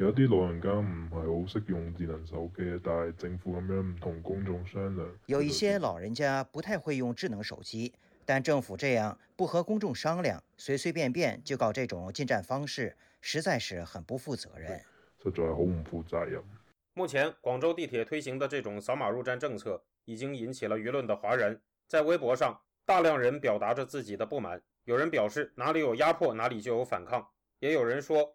有一啲老人家唔係好識用智能手機，但係政府咁樣唔同公眾商量，有一些老人家不太會用智能手機，但政府這樣不和公眾商量，隨隨便便就搞這種進站方式，實在是很不負責任。實在好唔負責任。目前廣州地鐵推行的這種掃碼入站政策已經引起了輿論的譁然，在微博上大量人表達着自己的不滿，有人表示哪裏有壓迫，哪裏就有反抗，也有人說。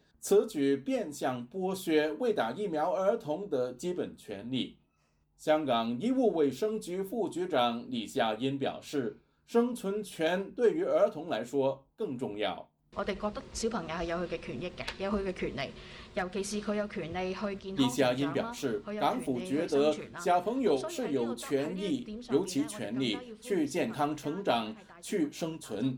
此舉變相剝削未打疫苗兒童的基本權利。香港醫務衛生局副局長李夏欣表示：“生存權對於兒童來說更重要。我哋覺得小朋友係有佢嘅權益嘅，有佢嘅權利，尤其是佢有權利去健康。李夏欣表示，港府覺得小朋友是有權益、尤其權利去健康成長、去生存。”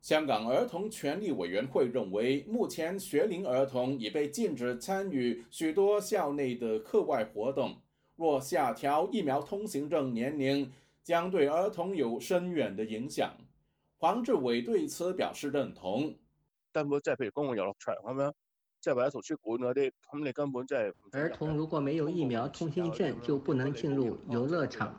香港兒童權利委員會認為，目前學齡兒童已被禁止參與許多校內的課外活動。若下調疫苗通行證年齡，將對兒童有深遠的影響。黃志偉對此表示認同。根本即係譬如公共遊樂場咁樣，即係或者圖書館嗰啲，咁你根本即係兒童如果沒有疫苗通行證，就不能進入遊樂場。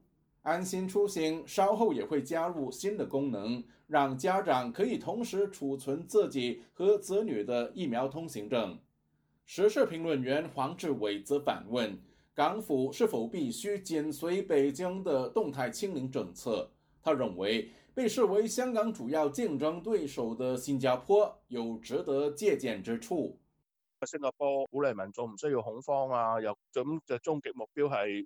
安心出行稍後也會加入新的功能，讓家長可以同時儲存自己和子女的疫苗通行證。時事評論員黃志偉則反問：港府是否必須緊隨北京的動態清零政策？他認為，被視為香港主要競爭對手的新加坡有值得借鑑之處。新加坡鼓勵民眾唔需要恐慌啊，又咁嘅終極目標係。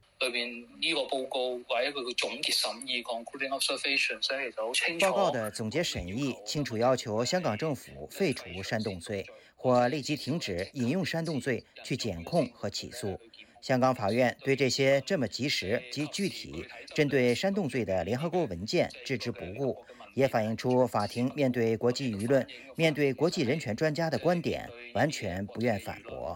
呢個報告或者佢嘅總結審議，報告的總結審議清楚要求香港政府廢除煽動罪，或立即停止引用煽動罪去檢控和起訴。香港法院對這些這麼及時及具體針對煽動罪的聯合國文件置之不顧，也反映出法庭面對國際輿論、面對國際人權專家的觀點，完全不願反駁。